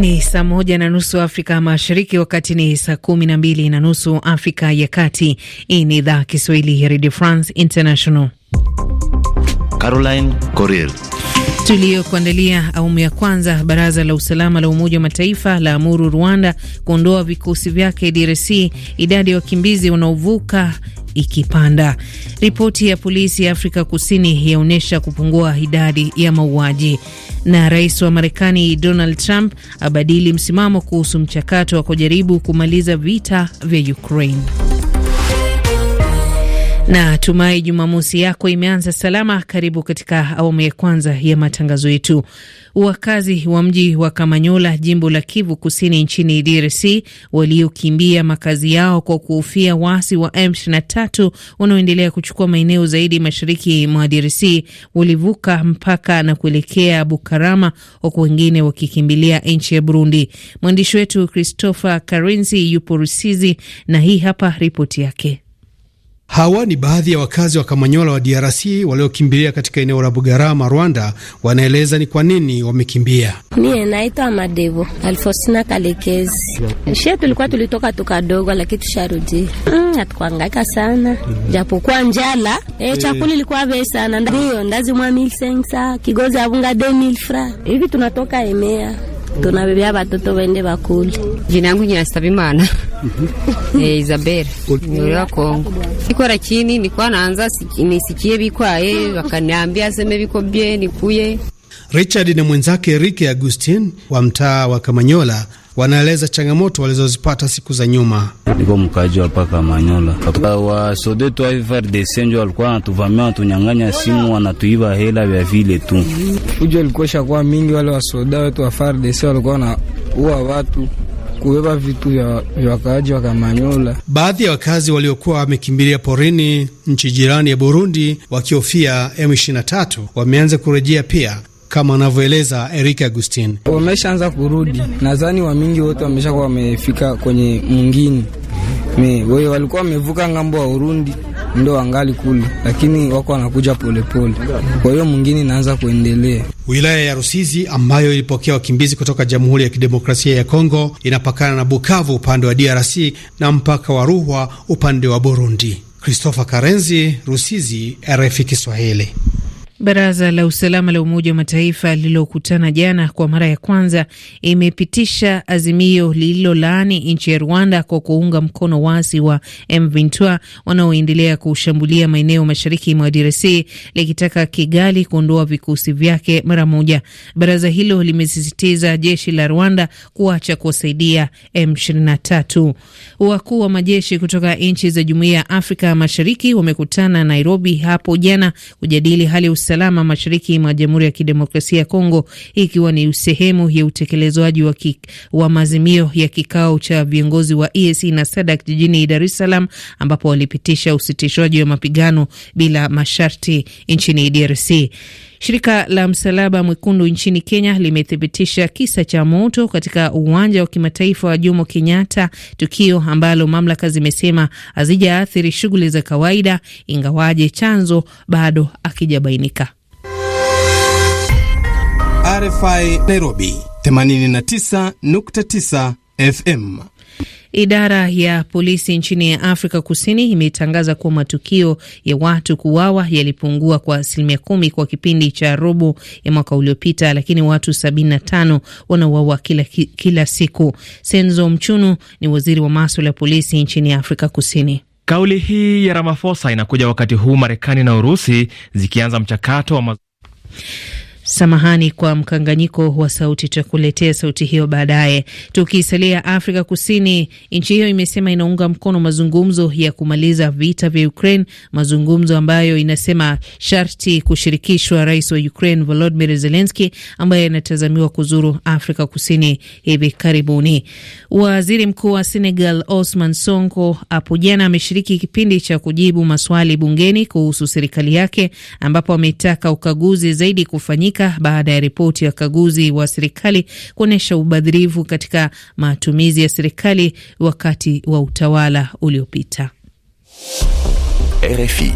Ni saa moja na nusu Afrika Mashariki, wakati ni saa kumi na mbili na nusu Afrika ya Kati. Hii ni idhaa Kiswahili ya Radio France International. Caroline Corel tuliyokuandalia awamu ya kwanza. Baraza la usalama la Umoja wa Mataifa la amuru Rwanda kuondoa vikosi vyake DRC. Idadi ya wakimbizi wanaovuka ikipanda. Ripoti ya polisi ya Afrika Kusini yaonyesha kupungua idadi ya mauaji. Na rais wa Marekani Donald Trump abadili msimamo kuhusu mchakato wa kujaribu kumaliza vita vya Ukraine. Na tumai Jumamosi yako imeanza salama. Karibu katika awamu ya kwanza ya matangazo yetu. Wakazi wa mji wa Kamanyola, jimbo la Kivu Kusini nchini DRC, waliokimbia makazi yao kwa kuhofia waasi wa M23 wanaoendelea kuchukua maeneo zaidi mashariki mwa DRC walivuka mpaka na kuelekea Bukarama, huku wengine wakikimbilia nchi ya Burundi. Mwandishi wetu Christopher Karenzi yupo Rusizi na hii hapa ripoti yake. Hawa ni baadhi ya wakazi wa Kamanyola wa DRC waliokimbilia katika eneo la Bugarama, Rwanda. Wanaeleza ni kwa nini wamekimbia. Mie naitwa Madevo Alfosina Kalekezi. Shie tulikuwa tulitoka tukadogo, lakini tusharudi. Mm, hatukuangaika sana japokuwa njala e, chakula ilikuwa vei sana, ndio ndazi mwa milsensa kigozi avunga de demilfra hivi tunatoka emea tunabebea watoto wende bakuli. Jina yangu Nyastabimana. Eh, Isabel nurira Kongo ikora kini nikuwa naanza nisikie bikwaye wakaniambia aseme biko bye nikuye Richard na mwenzake Rike Agustin wa mtaa wa Kamanyola wanaeleza changamoto walizozipata siku za nyuma. Niko mkaji hapa Kamanyola, wasodetu wa sode FRDC njo walikuwa wanatuvamia, wanatunyang'anya simu, wanatuiba hela vya vile tu. Ujo alikuwa shakuwa mingi, wale wasoda wetu wa FRDC walikuwa wanaua watu kubeba vitu vya wakaaji wa Kamanyola. Baadhi ya wakazi waliokuwa wamekimbilia porini nchi jirani ya Burundi wakihofia M23 wameanza kurejea pia kama anavyoeleza Eric Agustin, wameshaanza kurudi. Nadhani wamingi wote wameshakuwa wamefika kwenye mwingine, wao walikuwa wamevuka ngambo wa Urundi ndo angali kule, lakini wako wanakuja polepole. Kwa hiyo mwingine inaanza kuendelea. Wilaya ya Rusizi ambayo ilipokea wakimbizi kutoka Jamhuri ya Kidemokrasia ya Kongo inapakana na Bukavu upande wa DRC na mpaka wa Ruhwa upande wa Burundi. Christopher Karenzi, Rusizi, RFI Kiswahili. Baraza la usalama la Umoja wa Mataifa lililokutana jana kwa mara ya kwanza imepitisha azimio lililolaani nchi ya Rwanda kwa kuunga mkono waasi wa M23 wanaoendelea kushambulia maeneo mashariki mwa DRC likitaka Kigali kuondoa vikosi vyake mara moja. Baraza hilo limesisitiza jeshi la Rwanda kuacha kuwasaidia M23. Wakuu wa majeshi kutoka nchi za Jumuiya ya Afrika Mashariki wamekutana Nairobi hapo jana kujadili hali usalama mashariki mwa Jamhuri ya Kidemokrasia ya Kongo, ikiwa ni sehemu ya utekelezwaji wa, wa maazimio ya kikao cha viongozi wa EAC na SADC jijini Dar es Salaam, ambapo walipitisha usitishwaji wa mapigano bila masharti nchini DRC. Shirika la Msalaba Mwekundu nchini Kenya limethibitisha kisa cha moto katika uwanja wa kimataifa wa Jomo Kenyatta, tukio ambalo mamlaka zimesema hazijaathiri shughuli za kawaida, ingawaje chanzo bado akijabainika. RFI Nairobi 89.9 FM. Idara ya polisi nchini ya Afrika Kusini imetangaza kuwa matukio ya watu kuuawa yalipungua kwa asilimia kumi kwa kipindi cha robo ya mwaka uliopita, lakini watu 75 wanauawa kila, kila siku. Senzo Mchunu ni waziri wa maswala ya polisi nchini Afrika Kusini. Kauli hii ya Ramaphosa inakuja wakati huu Marekani na Urusi zikianza mchakato wa Samahani kwa mkanganyiko wa sauti, tutakuletea sauti hiyo baadaye. Tukisalia Afrika Kusini, nchi hiyo imesema inaunga mkono mazungumzo ya kumaliza vita vya Ukraine, mazungumzo ambayo inasema sharti kushirikishwa rais wa Ukraine Volodymyr Zelensky ambaye anatazamiwa kuzuru Afrika Kusini hivi karibuni. Waziri Mkuu wa Senegal Osman Sonko hapo jana ameshiriki kipindi cha kujibu maswali bungeni kuhusu serikali yake, ambapo ametaka ukaguzi zaidi kufanyika Afrika baada ya ripoti ya kaguzi wa serikali kuonyesha ubadhirifu katika matumizi ya serikali wakati wa utawala uliopita. RFI.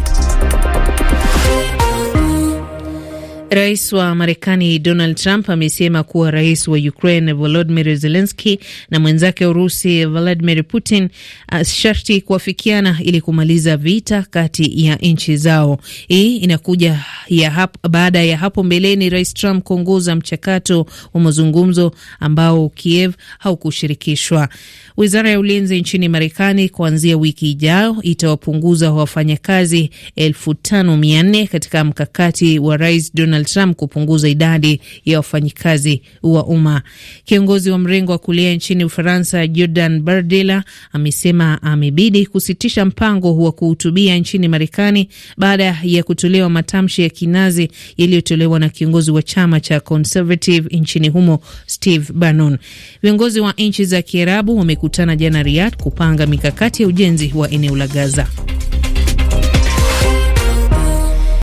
Rais wa Marekani Donald Trump amesema kuwa rais wa Ukraine Volodymyr Zelensky na mwenzake wa Urusi Vladimir Putin uh, sharti kuafikiana ili kumaliza vita kati ya nchi zao. Hii inakuja ya hapo, baada ya hapo mbeleni Rais Trump kuongoza mchakato wa mazungumzo ambao Kiev haukushirikishwa. Wizara ya ulinzi nchini Marekani kuanzia wiki ijayo itawapunguza wafanyakazi elfu tano mia nne katika mkakati wa Rais Donald Trump kupunguza idadi ya wafanyikazi wa umma. Kiongozi wa mrengo wa kulia nchini Ufaransa Jordan Bardella amesema amebidi kusitisha mpango wa kuhutubia nchini Marekani baada ya kutolewa matamshi ya kinazi yaliyotolewa na kiongozi wa chama cha Conservative nchini humo Steve Bannon. Viongozi wa nchi za Kiarabu wamekutana jana Riyadh kupanga mikakati ya ujenzi wa eneo la Gaza.